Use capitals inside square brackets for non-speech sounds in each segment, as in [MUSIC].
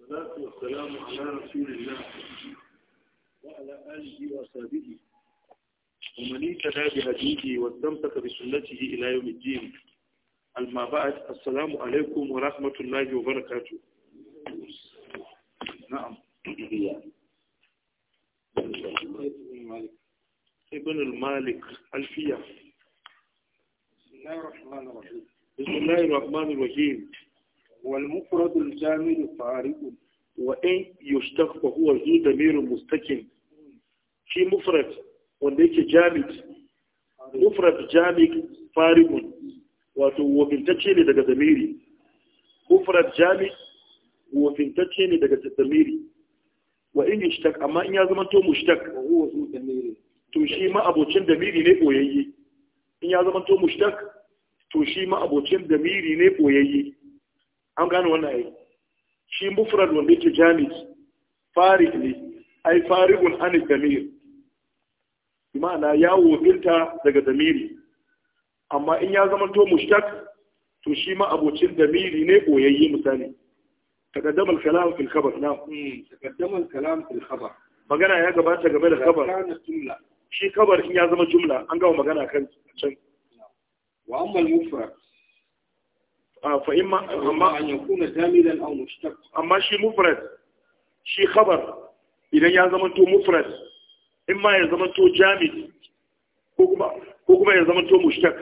الصلاة والسلام على رسول الله وعلى آله وصحبه ومن اهتدى بهديه واستمسك بسنته إلى يوم الدين أما بعد السلام عليكم ورحمة الله وبركاته نعم ابن المالك الفية بسم الله الرحمن الرحيم بسم الله الرحمن الرحيم والمفرد الجامد فارق وإن يشتق فهو ذو ضمير مستقل في مفرد وليك جامد مفرد جامد فارق وفنتكي لدى ضميري مفرد جامد وفنتكي لدى ضميري وإن يشتق أما إن يزمن تو مشتق وهو ذو ضمير to shi ma abocin damiri ne boyayye in ya zama to mushtaq to shi ma abocin damiri ne boyayye an gane wannan ai shi mufrad wanda yake jami farid ne ai faribun an damir Imana ya wofinta daga damiri amma in ya zama to mushtaq to shi ma abocin damiri ne koyayye misali تقدم الكلام في الخبر نعم تقدم الكلام في الخبر magana ya gabata game da kabar shi kabar in ya zama jumla an gawa magana kan can wa amma mufrad fa imma amma an yakuna zamilan aw mushtaq amma shi mufrad shi khabar idan ya zama to mufrad imma ya zama to ko kuma ya zama to mushtaq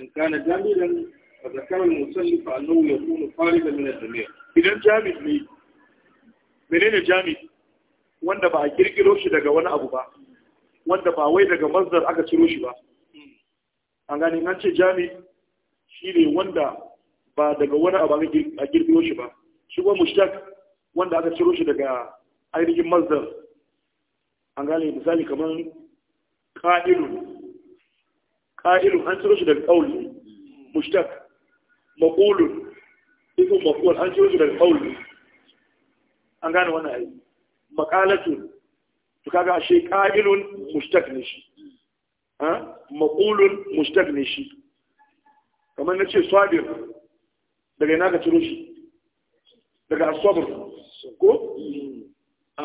in kana jamilan fa zakara al-musannif annahu yakunu faridan min al-damir idan jamid ne menene jamid wanda ba a kirkiro shi daga wani abu ba wanda ba wai daga mazdar aka ciro shi ba an gani an ce jami shine wanda ba daga wani abu a girbiyo shi ba shi kuma mushtaq wanda aka ciro shi daga ainihin mazdar an gane misali kamar qa'ilun qa'ilun an ciro shi daga qauli mushtaq maqulun ismu maqul an ciro shi daga qauli an gane wannan ai maqalatun to kaga ashe ka'ilun mushtaq ne shi ha maqulun mushtaq ne shi kamar na ce swabir daga yana ka ciro shi daga asabar ko a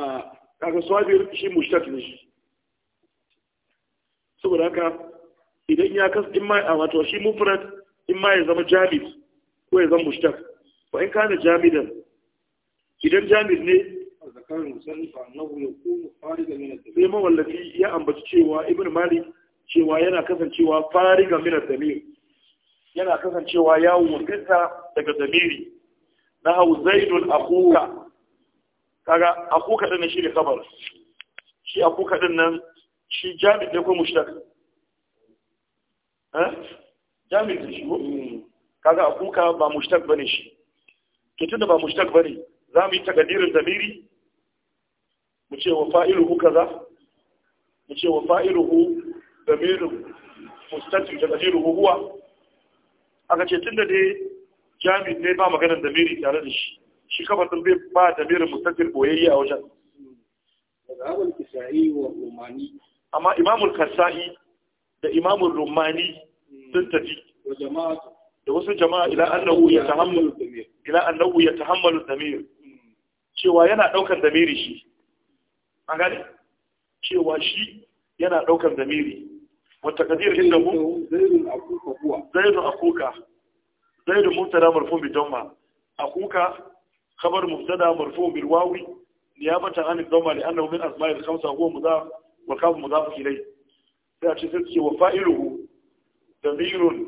kaga swabir shi mushtaq ne shi saboda haka idan ya kas in ma a wato shi mufrad in ma ya zama jamid ko ya zama mushtaq ko in kana jamidan idan jamid ne sai mawallafi ya ambaci cewa ibn malik cewa yana kasancewa fariga minar damir yana kasancewa ya wurgita daga zamiri na hau zaidun akuka kaga akuka din shi ne kabar shi akuka din nan shi jami ne kuma mushtak. eh jami ne shi kaga akuka ba mushtak bane shi to tunda ba mushtak bane za mu yi takadirin zamiri mu ce wa fa'iluhu kaza mu ce wa fa'iluhu zamirin mustatir takadiruhu huwa aka ce tun da dai jami'in ne ba maganar miri tare da shi shi kafa sun bai ba da miri mustafir boyayya a wajen amma imamul kasa'i da imamul rumani sun tafi da wasu jama'a ila annahu ya tahammalu ila annahu ya tahammalu damir cewa yana daukar damiri shi an gani cewa shi yana daukar damiri والتقدير إنه زيد أخوك زيد أخوك زيد مبتدا مرفوع بالضمة أخوك خبر مبتدا مرفوع بالواو نيابة عن الضمة لأنه من أسماء الخمسة هو مضاف والخاف مضاف إليه فأشترك وفائله ضمير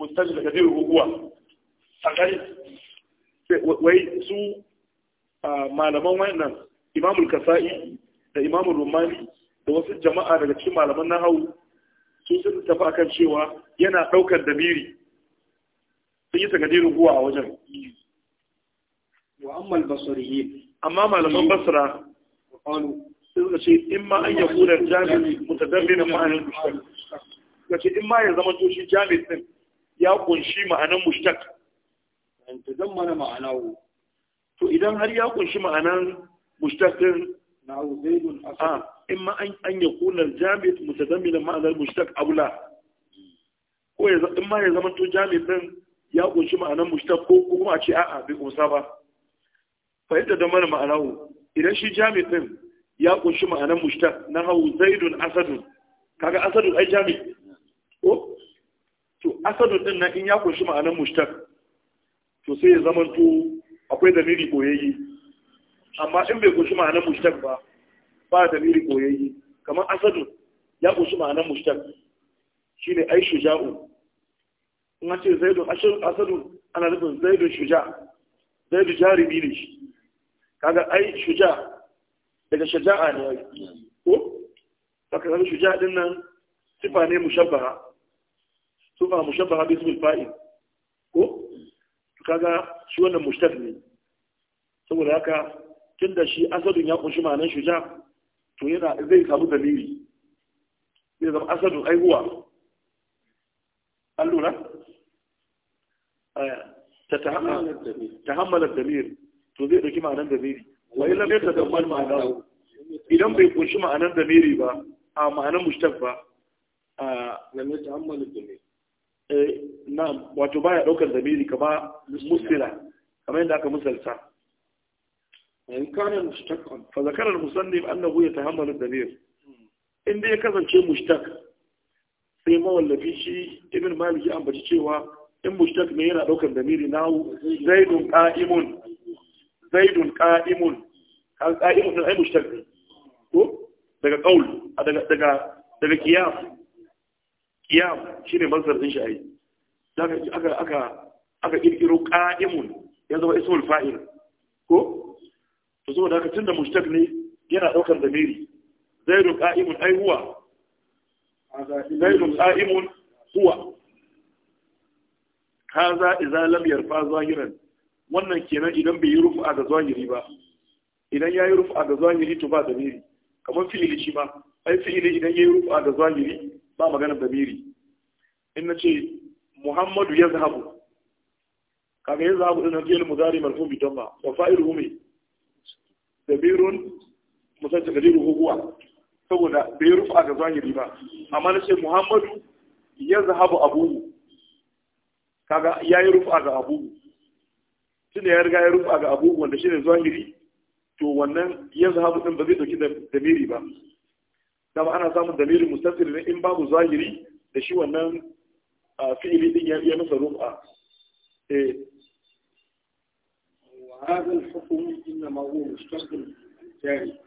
مستجد كثير هو أغلب ويسو ما malaman wayannan إمام الكسائي da imamul rumani da wasu jama'a daga cikin malaman nahawu su ta tafi akan cewa yana ɗaukar damiri sun yi takadirin huwa a wajen wa albasari basariyi amma malaman basra qalu sai suka ce in ma an yaku da jami'i na ma'anar mushtaq suka ce in ma ya zama toshi jami'i din ya kunshi ma'anar mushtaq an tazammana ma'anahu to idan har ya kunshi ma'anar mushtaq din نعو زيد أسد آه. إما أن أن يكون الجامد متضمنا ma'anar المشتق أو لا ko ya ma ya zama to jami'in ya kunshi ma'anar mushtaq ko kuma a ce a'a bai kunsa ba fahimta da mana ma'anahu idan shi jami'in ya kunshi ma'anar mushtaq na hau zaidun asadun kaga asadun ai jami ko to asadun din nan in ya kunshi ma'anar mushtaq to sai ya zama to akwai dalili boyayye amma in bai kunshi ma'anar mushtaq ba ba miri koyayye kamar asadu ya kunshi ma'anar mushtaq shine ai shuja'u in an ce zaidun asadu ana nufin zaidun shuja zaidun jarumi ne shi kaga ai shuja daga shaja'a ne ko saka zama shuja din nan sifa ne mushabbaha sifa mushabbaha bi ismil fa'il ko kaga shi wannan mushtaq ne saboda haka tun da shi asadun ya kunshi ma'anar shuja to yana zai samu dalili zai zama asadun aihuwa an lura eh, ta tahammalar damir to zai ɗauki ma'anar damiri wani lamar ta damar ma'anar idan bai kunshi ma'anar damiri ba a ma'anar mustaf ba a lamar tahammalar damir eh, na wato baya ɗaukar damiri kama musila kamar yadda aka musalta in kana mushtaqan fa zakara al-musannif annahu yatahammalu ad-damir in dai kasance mushtaq sai mawallafi shi ibn malik ya ambaci cewa in mushtaq ne yana daukar damiri nahu zaidun qa'imun zaidun qa'imun kan qa'imun sai mushtaq ne ko daga qaul daga daga daga qiyam qiyam shine mansar din shi ai daga aka aka aka kirkiro qa'imun ya zama ismul fa'il ko to saboda haka tunda mushtaq ne yana daukar zamiri zaidun qa'imun ai huwa zaidun qa'imun huwa haza idza lam yarfa zahiran wannan kenan idan bai yi rufu'a ga zahiri ba idan ya yi rufu'a ga zahiri to ba zamiri kamar fi'ili shi ma ai fi'ili idan ya yi rufu'a ga zahiri ba maganar zamiri in na ce muhammadu ya zahabu kaga ya din nan fi'il mudari marfu bi damma wa fa'iluhu mai dabirun musan takadiru huwa saboda bai rufa ga zahiri ba amma na ce muhammadu ya zahabu abubu. kaga ya yi rufa ga abu tunda ya riga ya rufa ga abubu wanda shi ne zahiri to wannan ya zahabu din ba zai dauki da damiri ba dama ana samun damirin mustatir ne in babu zahiri da shi wannan fi'ili din ya masa rufa eh, هذا الحكم إنما هو ya الجاري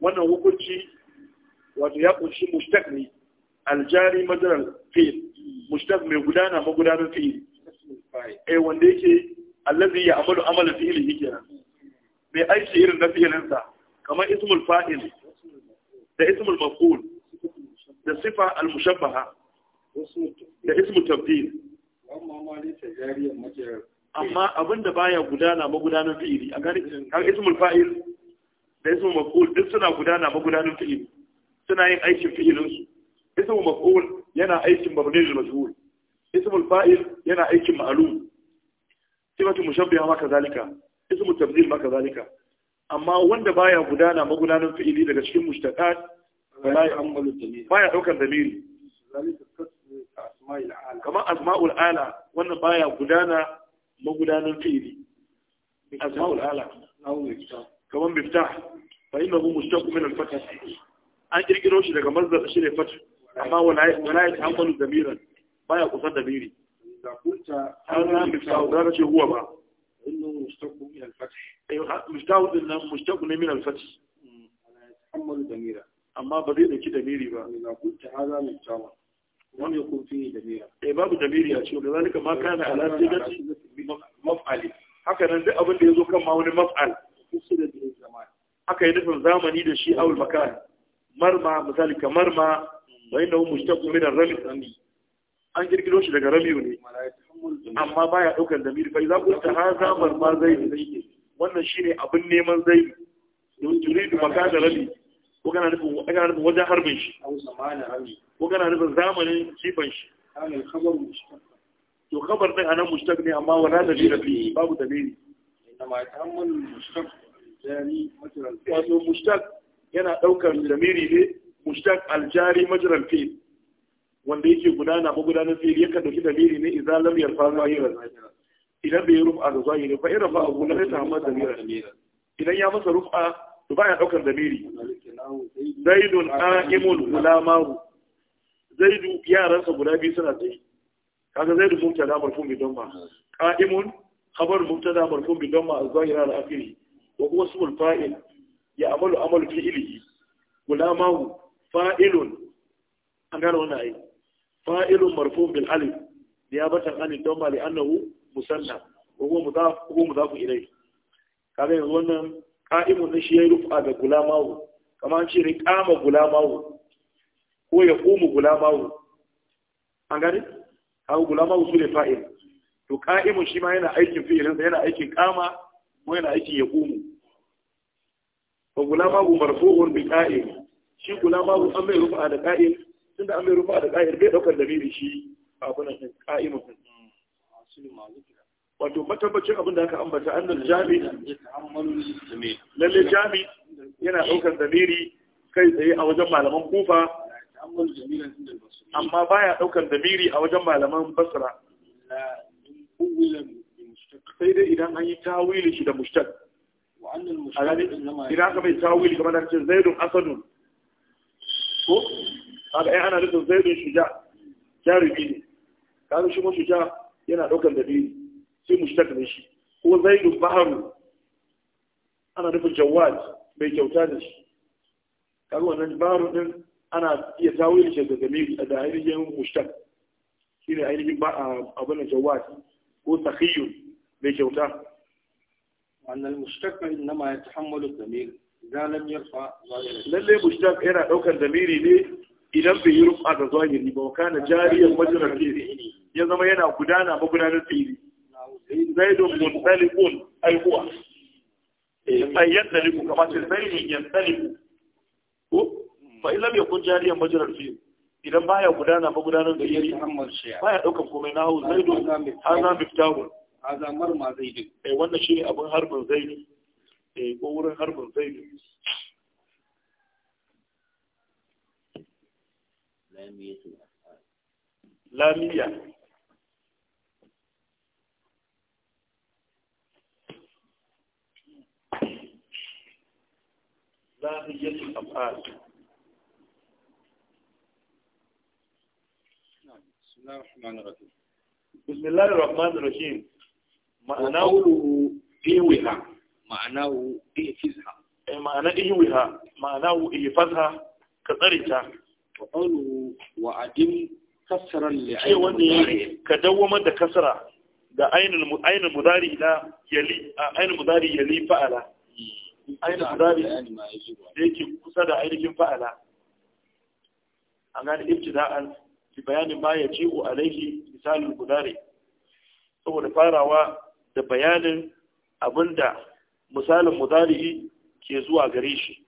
وأنه وكلشي ويقلشي مشتق الجاري مدر الفيل مشتق مغدانا مغدانا الفيل أي wanda yake allazi ya amalu amala fi'ili kenan mai aiki irin na fi'ilinsa kamar ismul fa'il da ismul maf'ul da sifa al-mushabbaha da ismul tabdil amma abin da baya gudana magudanin fi'ili a gani kan ismul fa'il da ismul maf'ul duk suna gudana magudanin fi'ili suna yin aikin fi'ilin su ismul maf'ul yana aikin masu majhul ismul fa'il yana aikin ma'lum sifatu mushabbiha ma kazalika ismul tabdil ma kazalika amma wanda baya gudana magudanin fi'ili daga cikin mushtaqat la ya'malu damir baya daukar damiri kamar asma'ul ala wannan baya gudana magudanar fi'ili asma'ul ala kamar miftah fa innahu mushtaq min al-fath an kirkiro shi daga mazdar shi ne fath amma wala ya ta'ammalu damiran baya kusan da kunta ana miftah da ce huwa ba innahu mushtaq min al-fath eh, ay miftah din nan mushtaq min hmm. amma ba zai ba lam yakun fihi damira eh babu damiri a cikin zalika ma kana ala sigati maf'ali haka nan duk abin da yazo kan ma wani maf'al usira da zaman haka yana nufin zamani da shi awul makan marma misali kamar ma wa innahu mushtaqu min ar-rami an kirkiro shi daga ramiyu ne amma baya daukar damiri wannan abin neman rami ko kana nufin nufin wajen harbin shi ko kana nufin zamanin kifan shi to khabar a nan mushtaq ne amma wala dalila fi babu da inma yatahammal mushtaq jari wato mushtaq yana daukar damiri ne mushtaq aljari majral fi wanda yake gudana ko gudanar fi yakan dauki dalili ne idan lam yarfa zahiran idan bai rufa yi zahiri fa irfa abu na la yatahammal damiran idan ya masa rufa to baya daukar damiri zaidun a'imun gulamaru zaidu yaransa guda biyu suna tsaye kaga zaidu mubtada marfun bi ma. qa'imun khabar mubtada marfun bi damma az-zahira da afiri wa kuma ismul fa'il ya amalu fi'lihi gulamahu fa'ilun an gano wani ayi fa'ilun marfun bil alif niyabatan an damma li annahu musanna wa kuma mudaf huwa mudaf ilayhi kaga wannan na shi yi rufa ga gulamahu kamar ce riƙama gulamawo ko ya ƙumu gulamawo an gani haka gulamawo su ne fa'il to ƙa'imun shi ma yana aikin fi'ilinsa yana aikin kama ko yana aikin ya ƙumu ba gulamawo marfu'un bi ƙa'im shi gulamawo an mai rufa da ƙa'im tun da an mai rufa da ƙa'im bai ɗaukar dalilin shi abunan ƙa'imun wato matabbacin abin da aka ambata annal jami lalle jami yana ɗaukar zamiri kai tsaye a wajen malaman kufa amma baya ɗaukar zamiri a wajen malaman basra sai dai idan an yi tawili shi da mushtaq idan aka mai tawili kamar da ce zaidun asadun ko aka yi ana nufin zaidun shuja jarumi ne kaga shi shuja yana ɗaukar zamiri sai mushtaq ne shi ko zaidun baharu ana nufin jawad mai kyauta da shi kaga wannan baro din ana iya tawo shi da zamiri da ainihin mushtaq shine ainihin ba ah, abin da jawad ko sahiyu mai kyauta wannan mushtaq inma yatahammalu zamir idan lam yarfa lalle mushtaq yana daukar zamiri ne idan bai yi rufa da zahiri ba kana jariyar majalar fili ya zama yana gudana magudanar fili zaidun mutsalikun aihuwa bai yadda liku kamar ce sai ne yadda ko fa in lam yakun jariyan majrar fi idan baya gudana ba gudanar da yari baya daukan komai na hau hu zaidu haza miftahu haza marma zaidu eh wannan shine abin harbin zaidu eh ko wurin harbin zaidu lamiya bahiyatul af'al بسم الله الرحمن الرحيم معناه إيوها معناه إيفزها معنى إيوها معناه إيفزها كذلك وقوله وعدم كسرا لعين المضارع كدوم دا كسرة دا عين المضارع لا يلي عين المضارع يلي فعلا ainihin zari da yake kusa da ainihin fa'ala an gane ibtida'an fi bayanin ma ya ji'u alaihi misalin gudare saboda farawa da bayanin abinda misalin mudari'i ke zuwa gare shi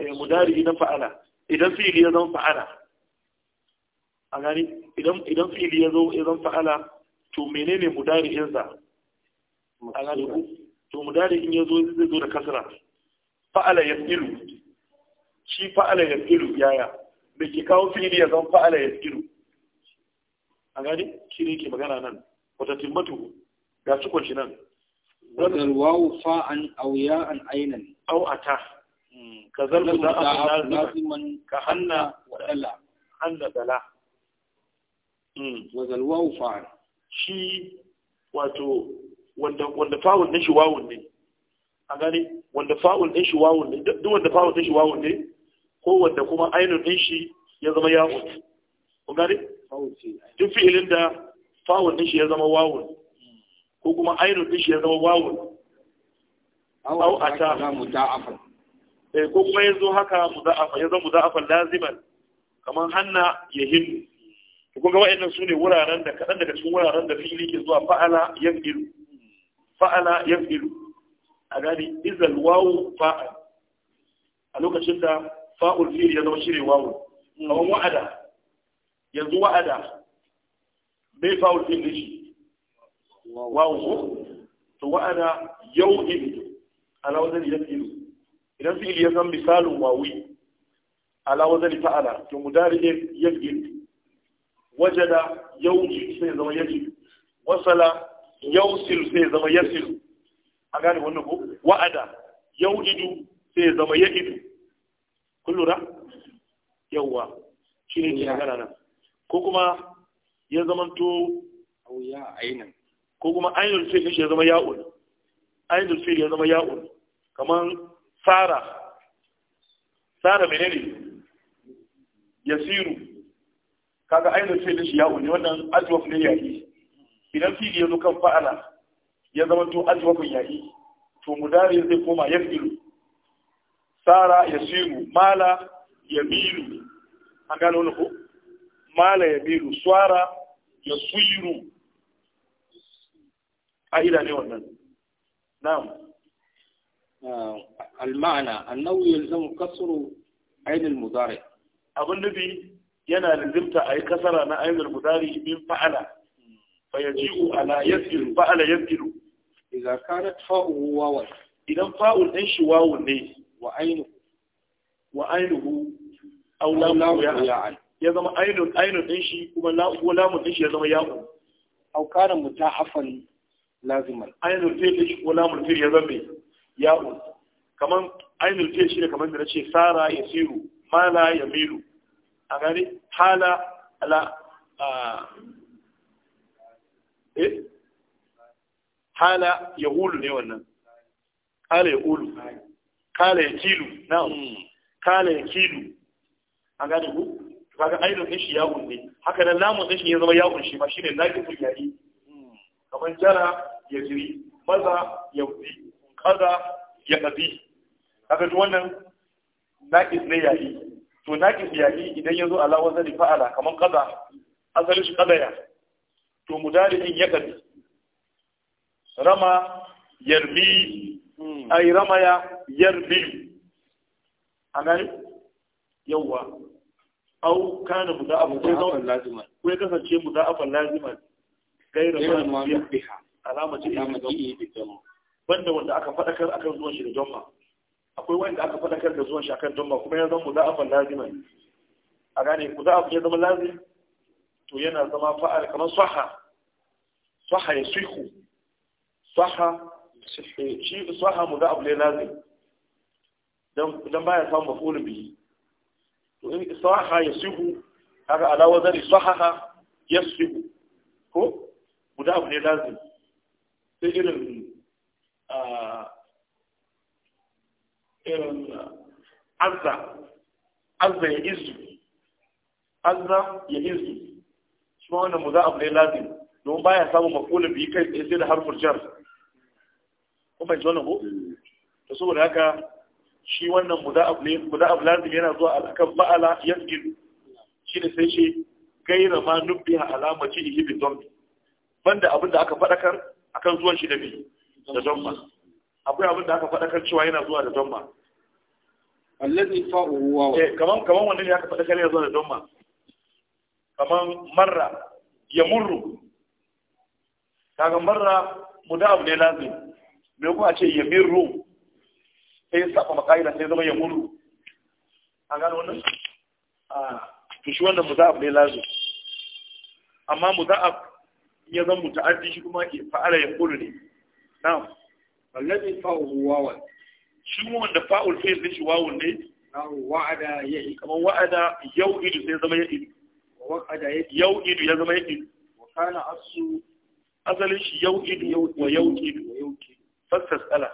eh, mudari'i na fa'ala idan fili ya zama fa'ala a gani idan fi'ili ya zama fa'ala to menene mudari'insa a gani to mu dare in yazo zai zo da kasra fa'ala yafilu shi fa'ala yafilu yaya da ke kawo fi'ili ya zan fa'ala yafilu a gani shi ne ke magana nan wata timmatu ga cikon shi nan wadar wawu fa'an auya an ainan au ata hmm. ka zalbu da abu ka hanna wadala hanna dala hmm. wadar wawu fa'an shi wato wanda wanda ɗin shi wawun ne a gani wanda fa'ul ɗin shi wawun ne duk wanda fa'ul ɗin shi wawun ne ko wanda kuma ainihin ɗin shi ya zama yawun ku gani duk fi'ilin da fa'ul ɗin shi ya zama wawun ko kuma ainihin ɗin shi ya zama wawun au ta eh ko kuma ya zo haka zama yazo muda'afa laziman kamar hanna ya hindu kun ga wa'annan su ne wuraren da kaɗan daga cikin wuraren da fili ke zuwa fa'ala yan ilu fa'ala yafilu a gani izal wawu fa'a. a lokacin da fa'ul fi'il ya zama shine wawu kamar wa'ada yanzu wa'ada bai fa'ul fi'il ne shi wawu ko to wa'ada yau'idu ala wazan yafilu idan fi'il ya zama misalin wawi ala wazan fa'ala to mudari yafilu wajada yauji sai zama yaji wasala silu sai zama ya silu. a gane wannan ko wa'ada Yau idu sai zama ya'idu kun lura yauwa shi ne ke magana nan ko kuma ya zamanto ya ainihin ko kuma ainihin fil ya zama ya'ul ainihin fil ya zama ya'ul kamar tsara tsara menene yasiru kaga ainihin fil shi ya'ul ne wannan ajwaf ne ya yi idan fili ya zo kan fa'ala ya zama to ajwabun yaƙi, to mudari zai koma yafilu sara ya yasiru mala ya yamilu an gano ne ko mala ya yamilu swara yasiru ƙa'ida ne wannan na'am al-ma'ana annahu yalzamu kasru ayn al-mudari abin nufi yana lazimta a yi kasara na ayin al-mudari min fa'ala fayaji'u ala yasbiru fa a yasbiru idza kanat fa'u wawan idan fa'ul din shi ne wa ainu wa ainuhu aw ya zama ainun ainun kuma lamu din ya zama ya'u aw kana mutahafan laziman ainul fi'l shi ko lamul fi'l ya zama ya'u kaman ainul fi'l shi da nace sara yasiru mala yamilu a gani hala ala Eh? hala ya hulu ne wannan kala ya hulu kala ya kilu na kala hmm. ya kilu a gane ku kaga aidon din shi hulu ne haka nan lamun din shi ya zama hulu shi ma shine lakin yari hmm. kamar jara ya jiri maza ya wuri kaza ya kazi kaga duk wannan naƙis ne yari to naƙis yari idan ya zo ala wazani fa'ala kamar kaza asalin shi kada ya to mudari'in ya kabi rama yarbi. ay ramaya yarmi hmm. anani yawwa au kana abu ko zama lazima ko ya kasance abu lazima gairar ma biha alama ce ta banda wanda aka fadakar akan zuwan shi da jomma akwai wanda aka fadakar da zuwan shi akan jomma kuma ya zama abu lazima a gane abu ya zama lazima to yana zama fa'al kamar saha saha ya suhu, saha shi saha mu da abu ne lazim dan baya samun mafulun bihi to in saha ya suhu, haka ala wazari sahaha ya suhu, ko mu da abu ne lazi, sai irin azza azza ya izu azza ya izu shi ma wannan muza'af ne lazim don baya samun maqulun bi kai tsaye da harfar jar kuma bai wannan ko to saboda haka shi wannan muza'af ne muza'af lazim yana zuwa alakan ba'ala yasgin shi da sai shi gaira ma a alamaci da bi don banda abin da aka fadakar kan zuwan shi da bi da don ma. akwai abin da aka fadakar cewa yana zuwa da don ma. Eh, kaman kaman wannan ya aka fadakar yana zuwa da ma? kaman marra ya murru kaga marra mudab ne lazim me ko a ce ya mirru sai saba makaida sai zama ya murru an gano wannan a to shi wannan mudab ne lazim amma mudab ya zama muta'addi shi kuma ke fa'ala ya kullu ne na'am alladhi fa'u wawa? shi wanda fa'ul fi'l din shi wawun ne Na wa'ada ya'i Kamar wa'ada yau idu sai zama ya'idu yau idu ya zama yaki kana asu asalin shi yau idu wa yau idu fassas ala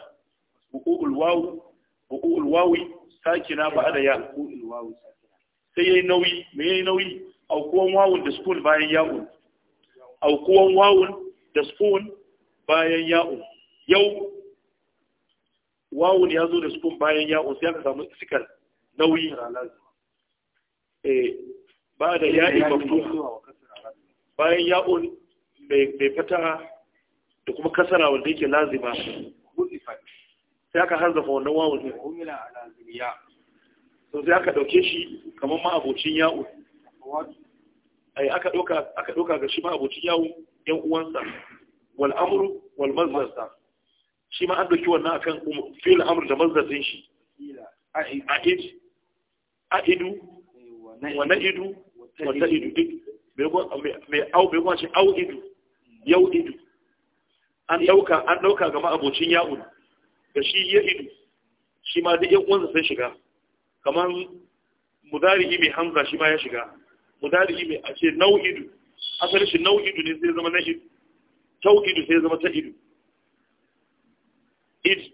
bu'ul wawu bu'ul wawi sakina ba da ya sai yayi nauyi me yayi nauyi aukuwan wawun da sukun bayan ya'un aukuwan wawun da sukun bayan ya'un yau wawun ya zo da sukun bayan ya'un sai aka samu sikar nauyi eh ba da ya'i maftuha bayan ya'un mai fata da kuma kasara wanda yake lazima sai aka harzafa wannan wawon ne so sai aka dauke shi kamar ma'abocin ya'un ai aka doka ga shi ma'abocin ya'un yan uwansa wal amru wal mazdar shi ma an doki wannan akan fil amur da mazdar shi A idu. wa idu wata idu duk mai au bai kwace au idu yau idu an dauka an dauka ga ma'abocin ya'un da shi ya idu shi ma duk yan uwansa sai shiga kamar mudari'i mai hamza shi ma ya shiga mudari'i mai a ce nau'idu asalin shi nau'idu ne sai zama na idu tau'idu sai zama ta idu id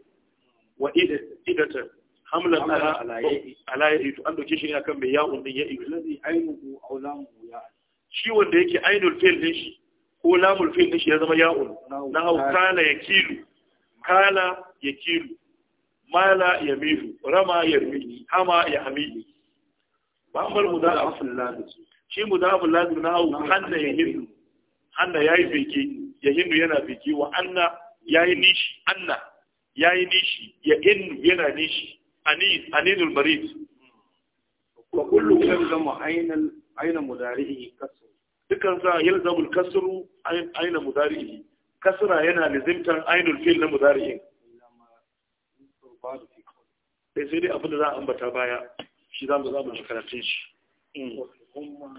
wa idatan hamlan ala ya to an dauke shi yana kan mai ya'un din ya itu lazi ainuhu aw lamuhu ya shi wanda yake ainul fi'l din shi ko lamul fi'l din shi ya zama ya'un na hau kana yakilu kala yakilu mala yamilu rama yarmi hama ya hami ba amal mudaf lazim shi mudaf lazim na hau hanna yahilu hanna yayi fiki yahilu yana fiki wa anna yayi nishi anna yayi nishi ya innu yana nishi anis aninul marid wa kullu yalzamu aynal ayna mudari'i kasr dukan sa yalzamul kasru ayna mudari'i kasra yana lazimtan aynul fi'l na mudari'in sai sai dai abin da za a ambata baya shi za mu za mu karatun shi mm.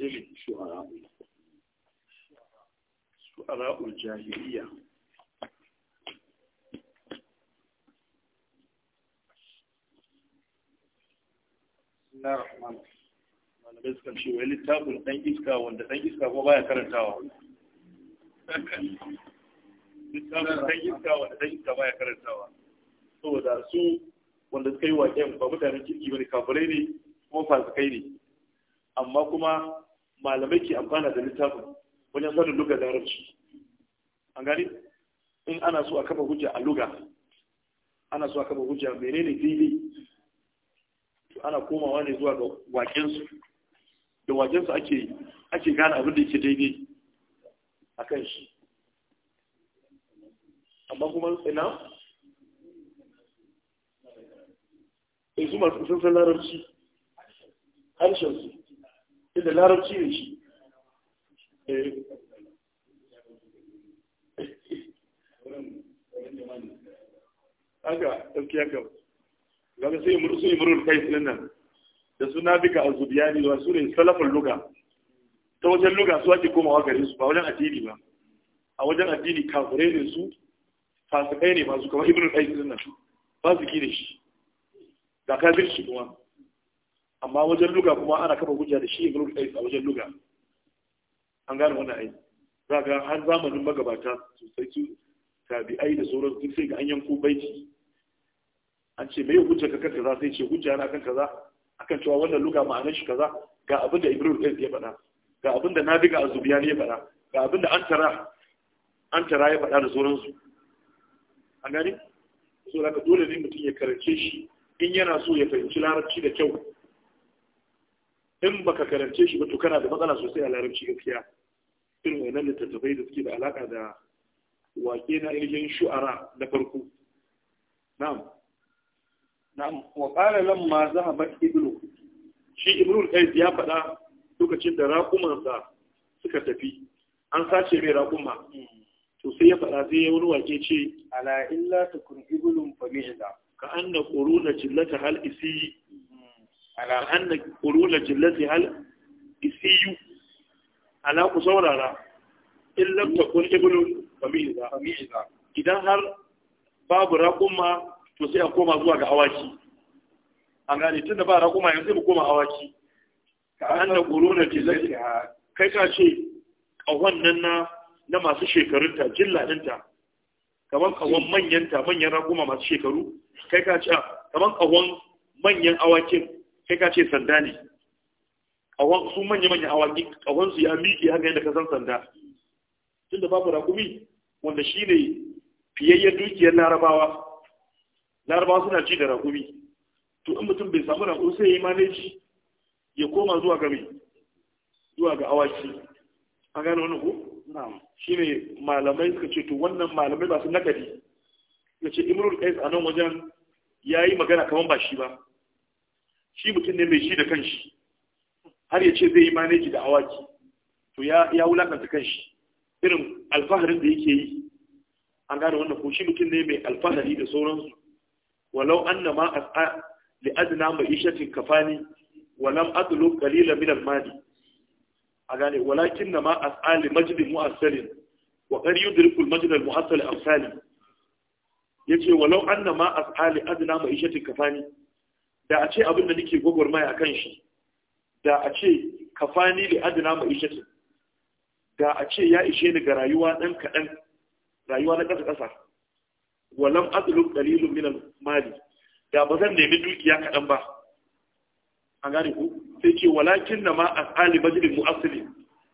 Really? shu'ara'u shu'ara'ul jahiliya littafin ɗan iska wanda ɗan iska kuma baya karantawa ɗan iska wanda ɗan iska baya saboda su wanda suka yi waƙen ba mutanen kirki ba ne kafirai ne kuma fasikai ne amma kuma malamai ke amfana da littafin wajen sanin lugar larabci an gani in ana so a kafa hujja a luga ana so a kafa hujja menene daidai ana komawa ne zuwa ga wakensu da wakensu ake ake gane abin da yake daidai a kan shi amma kuma ina in su masu sun san larabci su tun da larabci ne shi eh. haka ɗauki haka gaba sai imuru sai imuru kai sun nan da su nabika a zubiyani ba su ne salafin luga ta wajen luga su ake komawa gare su ba wajen addini ba a wajen addini kafure ne su fasikai ne masu kama ibn kai qais din nan fasiki ne shi da kafirci kuma amma wajen luga kuma ana kafa hujja da shi ibnul qais a wajen luga an gane wannan ai za ka har zamanin magabata sosai su tabi'ai da sauran duk sai ga an yanko baiti an ce me hujja ka kan kaza sai ce hujja na kan kaza akan cewa wannan luga ma'anar shi kaza ga abin da ibnul qais ya faɗa ga abin da nabiga azubiyani ya faɗa ga abin da antara antara ya faɗa da su an gane so da dole ne mutum ya karance shi in yana so ya fahimci larabci da kyau in baka karance shi ba to kana da matsala sosai a larabci gaskiya irin wannan littattafai da suke da alaka da wake na ainihin shu'ara na farko na'am na'am wa qala lamma zahaba ibnu shi ibnu al ya faɗa lokacin da raƙumansa suka tafi an sace mai raƙuma to sai ya faɗa zai wani wake ce ala illa takun fa fami'ila ka anna quruna jillata hal isi ala anna qurula jillati hal isiyu ala ku saurara in lam takun ibnu idan har babu raƙuma to sai a koma zuwa ga awaki an gane tunda ba raƙuma yanzu mu koma ka anna qurula jillati kai ka ce kawon nan na masu shekarunta jilla ɗinta kamar kawon manyanta manyan raguma masu shekaru kai ka ce kamar kawon manyan awakin kai ka ce sanda ne A su manya manya awaki kawan ya miƙe haka yadda ka san sanda tunda babu rakumi wanda shi ne fiyayyar dukiyar larabawa larabawa suna ci da rakumi to in mutum bai samu rakumi sai ya yi maneji ya koma zuwa ga mai zuwa ga awaki an gane wani ko shi ne malamai suka ce to wannan malamai ba su nagari ya ce imrul kais a nan wajen ya yi magana kamar ba shi ba shi mutum ne mai shi da kanshi har ya ce zai yi maneji da awaki to ya wulakanta kanshi irin alfaharin da yake yi an gane wannan ko shi mutum ne mai alfahari da sauransu walau anna ma as'a li adna ma'ishatin kafani walam adlu qalilan min al-mali a gane walakin na ma as'a li majdin mu'assalin wa qad yudriku al-majd al-mu'assal amsali yace walau anna ma as'a li adna ma'ishatin kafani da a ce abin da nake gwagwarmaya a kan shi da a ce ka fani da adana mai ishe da a ce ya ishe ni ga rayuwa ɗan kaɗan rayuwa na ƙasa ƙasa walam azlum dalilun min mali da ba zan nemi dukiya kaɗan ba a gane ku sai ce walakin na ma majalin mu asali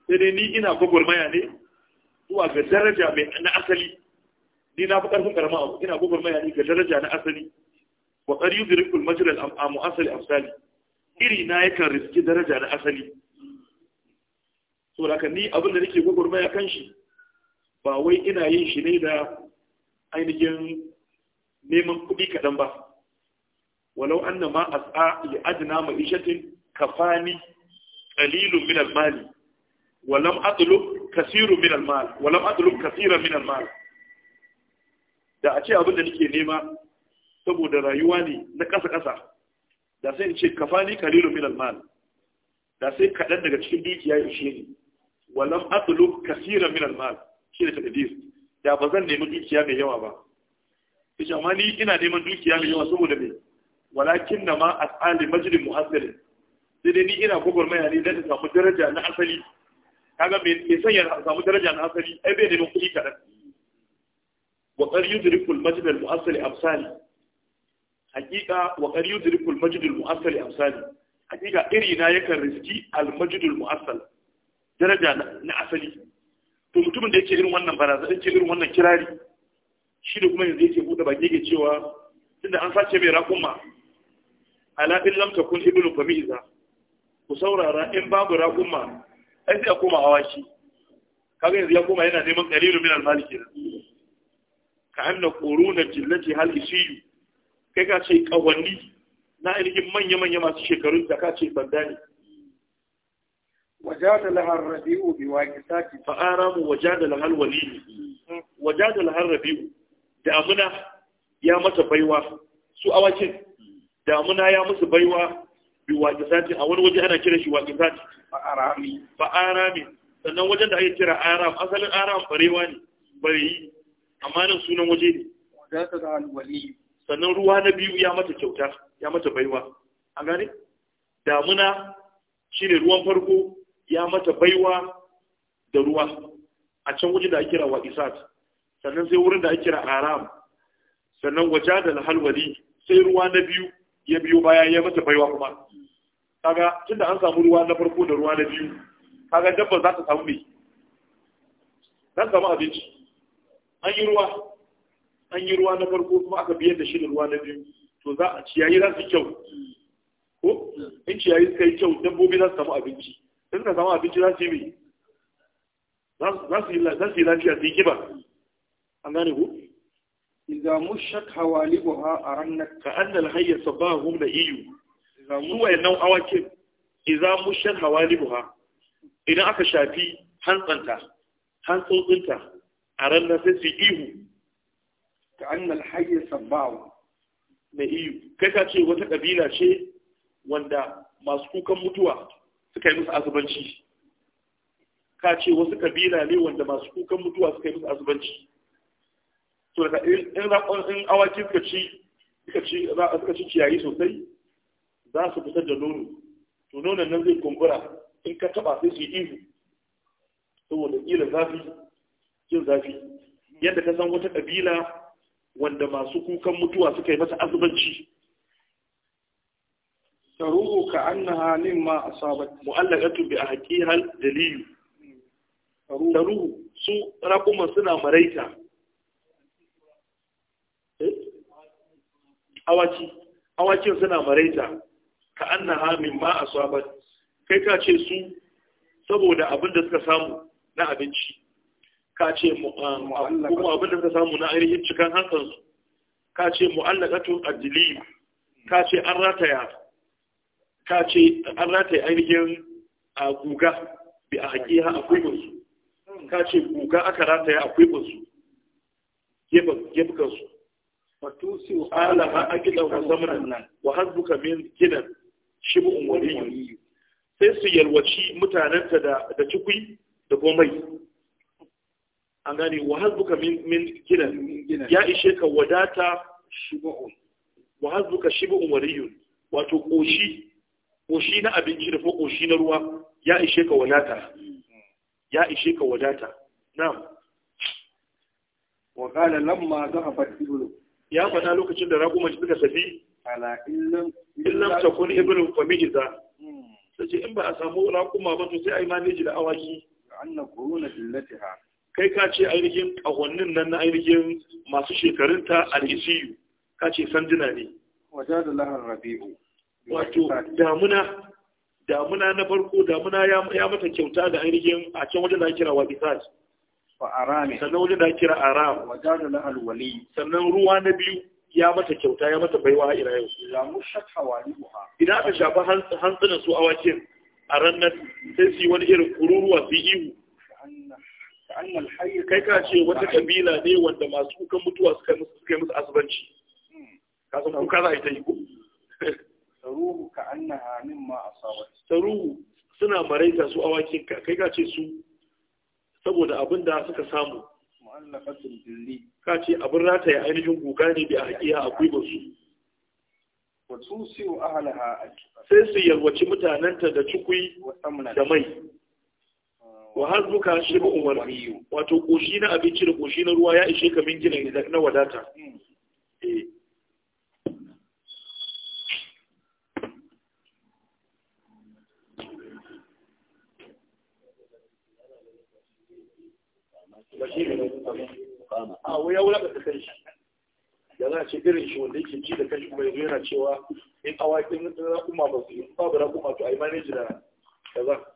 sai dai ni ina gwagwarmaya ne zuwa ga daraja mai na asali ni na fi ƙarfin ƙarama ina gwagwarmaya ne ga daraja na asali Waƙar qad yudrikul majral am asali amsali iri na yakan riski daraja na asali saboda haka ni abin da nake gwagwarmaya kan shi ba wai ina yin shi ne da ainihin neman kuɗi kaɗan ba walau anna ma as'a li mai ma'ishatin kafani ƙalilun min al-mali walam atlub kasirun min al walam atlub kaseeran min al da a ce abin da nake nema saboda rayuwa ne na ƙasa ƙasa da sai in ce kafani kalilu min al almal da sai kaɗan daga cikin dukiya ya ishe ni walam atlub kaseeran min almal shi ne takdir da ba zan nemi dukiya mai yawa ba kace amma ni ina neman dukiya mai yawa saboda me walakin na ma as'ali majlis muhassalin sai dai ni ina gwagwarmaya ne don samu daraja na asali kaga me sanya samu daraja na asali ai bai neman kuɗi kaɗan wa qad yudriku al-majlis al-muhassal amsali hakika wa kan yudriku al-majd al-mu'assal amsali hakika iri na yakan riski al-majd al-mu'assal daraja na asali to mutumin da yake irin wannan baraza yake irin wannan kirari shi da kuma yanzu yake bude baki yake cewa tunda an sace mai raƙuma ala in lam takun ibnu famiza ku saurara in babu raƙuma ai sai a koma awaki kaga yanzu ya koma yana neman qalilu min al-mali ka anna quruna jillati hal isiyu kai ka ce kawanni na ainihin manya-manya masu shekarun da ka ce banda ne da lahar rabi'u bi waqisati fa aramu wajada lahal wali da lahar rabi'u damuna ya mata baiwa su awakin damuna ya musu baiwa bi sati? a wani waje ana kira shi waqisati fa arami fa arami sannan wajen da ake kira aram asalin aram barewa ne bareyi amma nan sunan waje ne wajada lahal wali sannan ruwa na biyu ya mata kyauta ya mata baiwa an gane damuna shine ruwan farko ya mata baiwa da ruwa a can wajen da ake rawa isat sannan sai wurin da ake rawa aram sannan waje da halwali sai ruwa na biyu ya biyo baya ya mata baiwa kuma kaga tunda an samu ruwa na farko da ruwa na biyu kaga dabba za ta samu me dan samu abinci an yi ruwa an yi ruwa na farko kuma aka biyar da shi da ruwa na biyu to za a ciyayi za su kyau ko in ciyayi suka yi kyau dabbobi za su samu abinci in suka samu abinci za su yi mai za su yi lafiya su yi kiba an gane ku idza mushat a arannat ka anna alhayya a la iyu su wayannan awakin idza mushat hawalibuha idan aka shafi hantsanta hantsotsinta a ranar sai su ihu ka annal hayy sabbahu mai iyu kai ka ce wata kabila ce wanda masu kukan mutuwa suka yi musu azubanci ka ce wasu kabila ne wanda masu kukan mutuwa suka yi musu azubanci to da in awaki suka ci suka ci ciyayi sosai za su fitar da nono to nonon nan zai kumbura in ka taba sai su yi ihu saboda kila zafi jin zafi yadda ka san wata kabila wanda masu kukan mutuwa suka yi mata azubanci taruhu ka annaha ma asabat mu'allaqatu bi ahqiha dalilu taruhu su raquma suna maraita eh? awaci awacin suna maraita ka annaha a asabat kai ka ce su saboda abin da suka samu na abinci ka ce kuma abin da ka samu na ainihin cikin hankansu ka ce mu'allakatun adili ka ce an rataya ka ce an rataya ainihin a guga bi a haƙiha a kwibinsu ka ce guga aka rataya a kwibinsu gefukansu ala alama a wa wasamman nan wa hasbuka min gidan shibu'un waliyu sai su yalwaci mutanenta da cikwi da gomai an gani wa hazbuka min ginan ya ishe ka wadata shibu'un wa hazbuka shibu'un wariyun wato koshi koshi na abinci da koshi na ruwa ya ishe ka wadata ya ishe ka wadata na'am wa qala lamma dhahaba ibnu ya faɗa lokacin da raguma suka safi ala illam illam takun ibnu famiza hmm. sai in ba a samu raguma ba to sai ai maneji da awaki anna quruna billatiha kai ka ce ainihin ƙahonin nan na ainihin masu shekarunta al'isiyu ka ce sanduna ne wajen da lahar rabi'u wato damuna damuna na farko damuna ya mata kyauta da ainihin a can wajen da kira wabisat sannan wajen da kira aram wajen da lahar wali sannan ruwa na biyu ya mata kyauta ya mata baiwa ira yau idan aka shafa hantsunan su awakin a ranar sai su yi wani irin kururuwa su yi ihu kai ka ce wata kabila ne wanda masu kukan mutuwa suka yi musu asibanci ka san kuka za a yi ta yi ko saruhu ka annaha mimma asabat saruhu suna maraita su awakin ka kai ka ce su saboda abin da suka samu mu'allafatul ka ce abin ya ainihin guga ne da hakiya akwai ba su wa tusiu ahlaha sai su yalwaci mutananta da cikui da mai wa hasbuka shib'un wa rahiyu wato koshi na abinci da koshi na ruwa ya ishe ka min gina na wadata eh a wai ya wulaƙa shi da za a ce irin shi wanda yake ci da kashi kuma yanzu yana cewa in awakin rakuma ba su yi ba babu rakuma to a yi maneji da kaza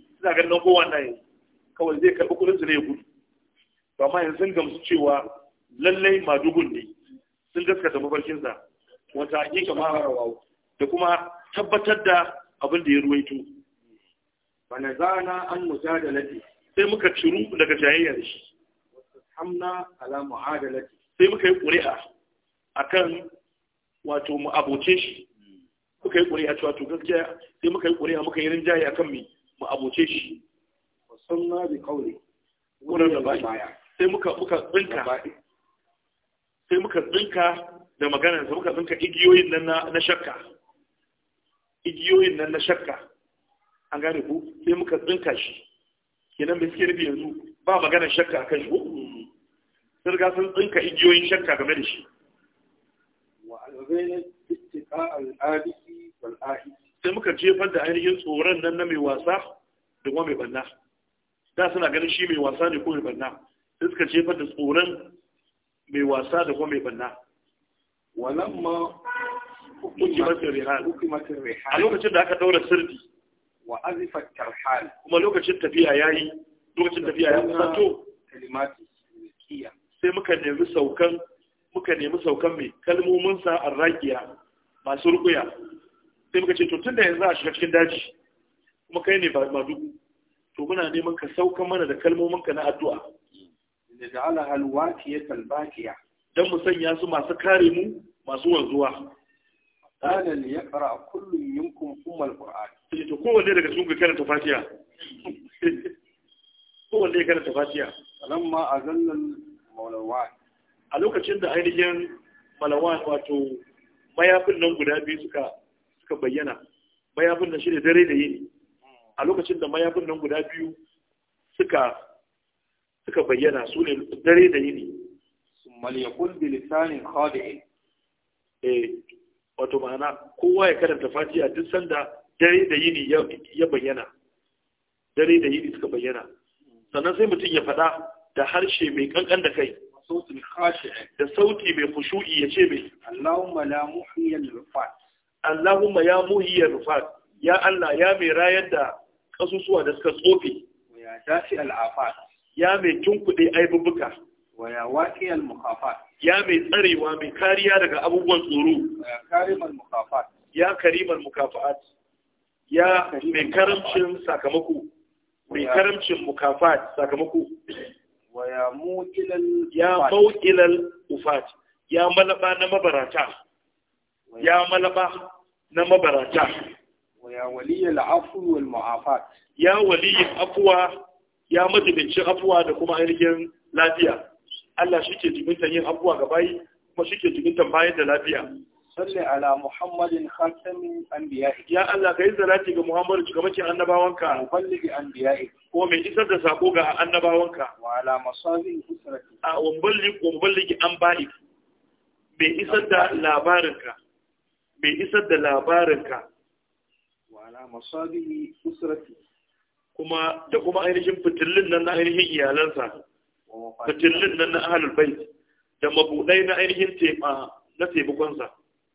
suna ganin number one na yanzu kawai zai karɓi kuɗin su ne ya gudu to amma yanzu sun gamsu cewa lallai madugun ne sun gaskata mafarkinsa wata hakika ma da kuma tabbatar da abin da ya ruwaito fa zana an da lati sai muka ciru daga jayayyar shi hamna ala mu'adalati sai muka yi ƙuri'a akan wato mu aboce shi hmm. muka yi ƙuri'a cewa to gaskiya sai muka yi ƙuri'a muka yi rinjaye akan mai mu abuce shi sunna bi kauli wurin da baya sai muka muka tsinka sai muka tsinka da maganar sa muka tsinka igiyoyin nan na shakka igiyoyin nan na shakka an gane ku sai muka tsinka shi kenan bai sike rubi yanzu ba maganar shakka a kan shi sun riga sun tsinka igiyoyin shakka game da shi wa albaina istiqa al-abisi wal-ahidi sai muka jefar da ainihin tsoron nan na mai wasa da kuma mai banna da suna ganin shi mai wasa ne ko mai banna sai suka jefar da tsoron mai wasa da kuma mai banna walamma hukumatar rihal a lokacin da aka daura sirdi wa azifat tarhal kuma lokacin tafiya yayi lokacin tafiya ya kusanto kalimati sai muka nemi saukan muka nemi saukan mai kalmomin sa arraqiya masu rukuya sai muka ce to tun da yanzu a shiga cikin daji kuma kai ne ba madugu to muna neman ka saukan mana da kalmomin ka na addu'a da ja'ala halwaqiya talbaqiya dan mu sanya su masu kare mu masu wanzuwa qala li yaqra kullu minkum umma alquran to kowanne daga cikin karanta tafatiya [LAUGHS] kowanne ya karanta fatiha alamma azallal maulawan a lokacin da ainihin malawan wato mayafin nan guda biyu suka suka bayyana mayafin nan shine dare da yini a lokacin da mayafin nan guda biyu suka suka bayyana su ne dare da yini mal yakul bi lisanin khadi eh wato ma'ana kowa ya karanta fatiha duk sanda dare da yini ya bayyana dare da yini suka bayyana sannan sai mutum ya faɗa da harshe mai kankan da kai da sauti mai khashi'i da sauti mai khushu'i ya ce mai Allahumma la muhyiyal wafat Allahumma ya muhiya rufat ya Allah ya mai rayar da kasusuwa da suka tsofe ya dafi al'afat ya mai tunkuɗe aibubuka ya al-mukafat ya mai tsarewa mai kariya daga abubuwan tsoro ya karimal mukafat ya ya mai karamcin sakamako mai karamcin mukafat sakamako wa ya mu'ilal ya mu'ilal ufat ya malaba na mabarata ya malaba na mabarata ya waliyar afuwa mu'afat ya waliyar afuwa ya majibincin afuwa da kuma ainihin lafiya Allah shi ke yin afuwa ga bayi kuma shi ke jibintan bayan da lafiya salli ala muhammadin khatamin anbiya'i ya Allah kai salati ga muhammadu shugabancin annabawanka muballighi anbiya'i ko mai isar da sako ga annabawanka wa ala masabi usrati a wa muballighi wa mai isar da labarinka bai isar da labarinka wala masabi usrati kuma da kuma ainihin fitillin nan na ainihin iyalansa fitillin nan na ahlul bait da mabudai na ainihin tema na taimakonsa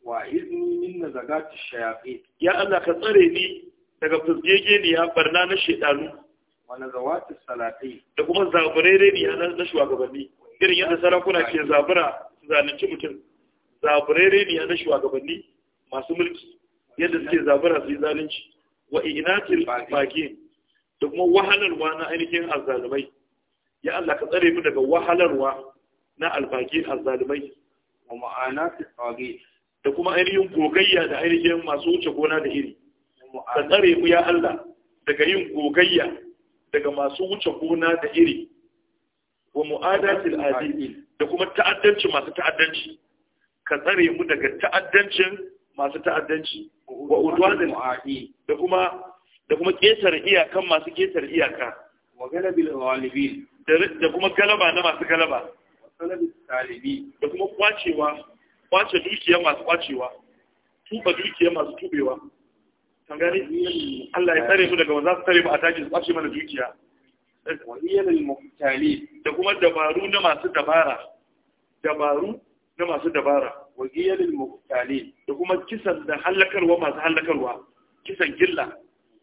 wa izni min zakati shayafi ya Allah ka tsare ni daga fizgege ne ya barna na shedanu wa nazawati salati da kuma zaburere ne na shugabanni irin yadda sarakuna ke zabura su zalunci mutum zaburere ne na shugabanni masu mulki yadda suke zabura su yi zalunci wa inatil baki da kuma wahalarwa na ainihin azzalumai ya Allah ka tsare mu daga wahalarwa na albaki azzalumai wa ma'anatil baki da kuma ainihin gogayya da ainihin masu wuce gona da iri ka tsare mu ya Allah daga yin gogayya daga masu wuce gona da iri wa mu'adatil adil da kuma ta'addanci masu ta'addanci ka tsare mu daga ta'addancin masu ta'addanci wa udwanin da kuma da kuma ƙetare iyakan masu ƙetare iyaka wa galabil walibi. da kuma galaba na masu galaba da kuma kwacewa kwace dukiyar masu kwacewa tuba dukiyar masu tubewa kan gani Allah ya tsare mu daga wanda su tsare mu a takin su kwace mana dukiya da kuma dabaru na masu dabara dabaru na masu dabara wa giyalil muqtalin da kuma kisan da halakarwa masu halakarwa kisan gilla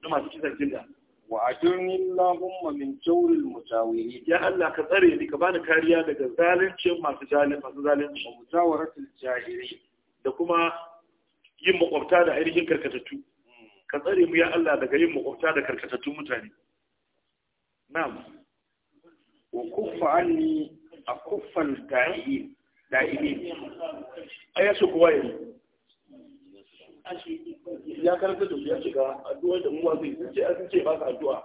da masu kisan gilla wa ajirni Allahumma min jawril mutawili ya Allah ka tsare ni ka bani kariya daga zalincin masu zalunci masu zalunci mutawaratil jahili da kuma yin makwabta da ainihin karkatattu ka tsare mu ya Allah daga yin makwabta da karkatattun mutane na'am wa kuffa anni kuffan da'in da'imi a ya so kowa ya yi ya karanta da ya shiga addu'a da muwa zai sun ce an ce ba ka addu'a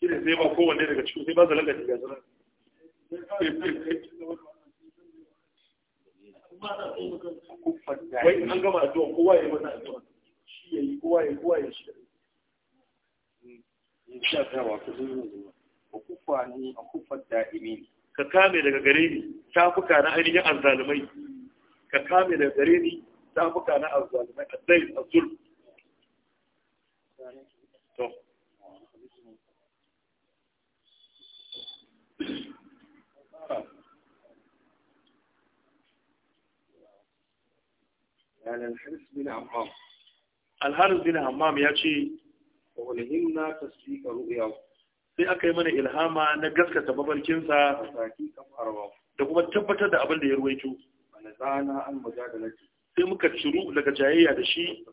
shi ne sai ba kowanne daga cikin sai ba zalan da shiga sanar wai an gama addu'a kowa ya yi wannan addu'a shi ya yi kowa ya kowa ya shi in sha ta wa kuzurin zuwa a kufa ne a kufa da'imi ne ka kame daga gare ni tafuka na ainihin azzalumai ka kame daga gare ni tafuka na azzalumai azzai azzul to Alharis bin Hammam ya ce, Wa wani himna tasbika ru'yahu sai aka yi mana ilhama na gaskata mafarkinsa da kuma tabbatar da abin da ya ruwaito sai muka ciru daga jayayya da shi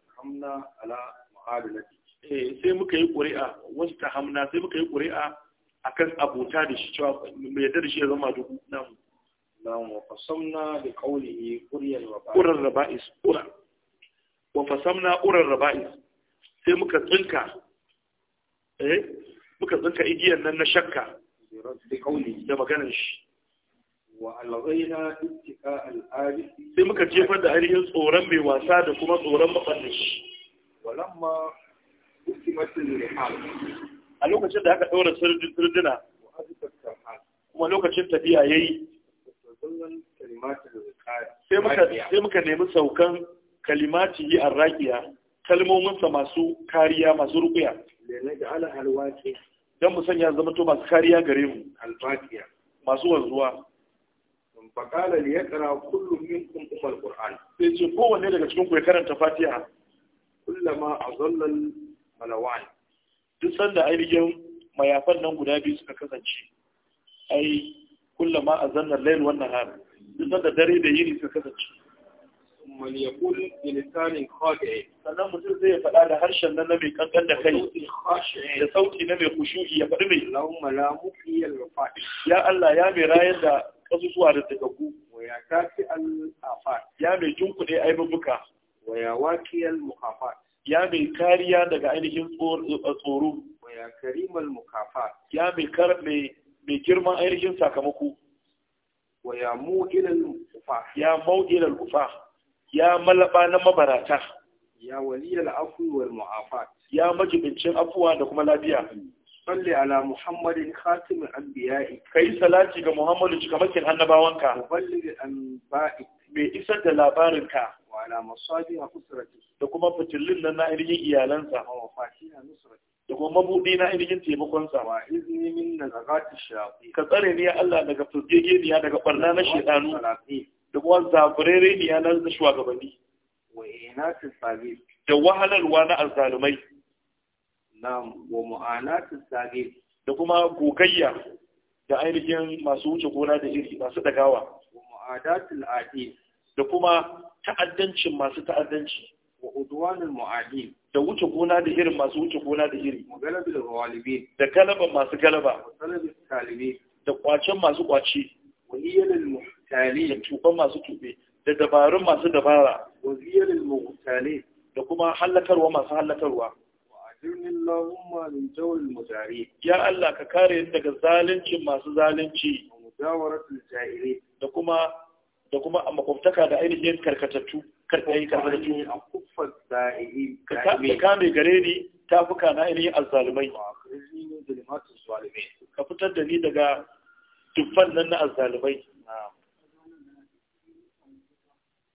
eh, sai muka yi ƙuri'a wasu ta hamna sai muka yi ƙuri'a a kan abota da shi cewa mai yadda da shi ya zama dubu nan namu wa fasamna da kauli ƙurar raba'is ƙura raba'is sai muka tsinka eh muka tsinka igiyar nan na shakka da maganar shi wa alghaina ittika al-arif sai muka jefar da ainihin tsoron mai wasa da kuma tsoron mabannin shi a lokacin da aka ɗaura sirdin sirdina kuma lokacin tafiya ya yi, sai muka nemi saukan kalimati yi raƙiya. kalmominsa masu kariya masu rukuya don mu sanya zama to masu kariya gare mu masu wanzuwa faƙala ne ya tsara kullum yin kun Kur'an. sai ce kowanne daga cikin ku ya karanta fatiha kullama a zallan malawan duk sanda ainihin mayafan nan guda biyu suka kasance ai kullama a zallan lail wannan har duk sanda dare da yini suka kasance wal yaqul bi lisanin khadi sannan mutum zai faɗa da harshen nan na mai kankan da kai da sauti na mai khushu'i ya faɗi mai Allahumma la muqiyal fadi ya Allah ya mai rayar da ƙasusuwa da tagaggu wa ya kafi al afat ya mai junkude aibubuka wa ya waqiyal muqafat ya mai kariya daga ainihin tsoro wa ya karimal muqafat ya mai karbe mai girman ainihin sakamako wa ya mu'ilal kufa ya mu'ilal kufa ya malaba na mabarata ya waliyal afwi wal mu'afat ya majibincin afuwa da kuma lafiya salli ala muhammadin khatimin anbiya'i kai salati ga muhammadu cikamakin annabawanka muballigil anba'i mai isar da labarinka wa ala masabi a kusrati da kuma fitillin na ainihin iyalansa A wa fatina nusrati da kuma mabudi na ainihin taimakonsa wa izni min nazagati shafi ka tsare ni ya Allah daga furgegeniya daga ɓarna na shedanu da kuma zafirere ne yanar da shugabanni da wahalarwa na alzalumai da kuma gogayya da ainihin masu wuce gona da iri masu dagawa Wa da kuma ta'addancin masu ta'addanci wa udwanul mu'adin da wuce gona da irin masu wuce gona da iri galabil ghalibi da galaban masu galaba da kwacen masu kwaci wa hiyalul muhtali da masu tube da dabarun masu dabara wa ziyaril mutane da kuma hallakarwa masu hallakarwa ya Allah ka kare ni daga zalincin masu zalunci da kuma da kuma makwabtaka da ainihin karkatattu karkai karkatattu ka kame gare ni tafuka na ainihin azzalumai ka fitar da ni daga tuffan nan na azzalumai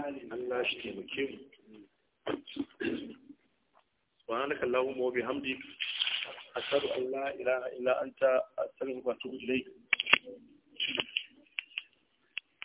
Allah shi ke muke mu subhanaka allahumma wa bihamdik ashhadu an la ilaha illa anta astaghfiruka wa ilayk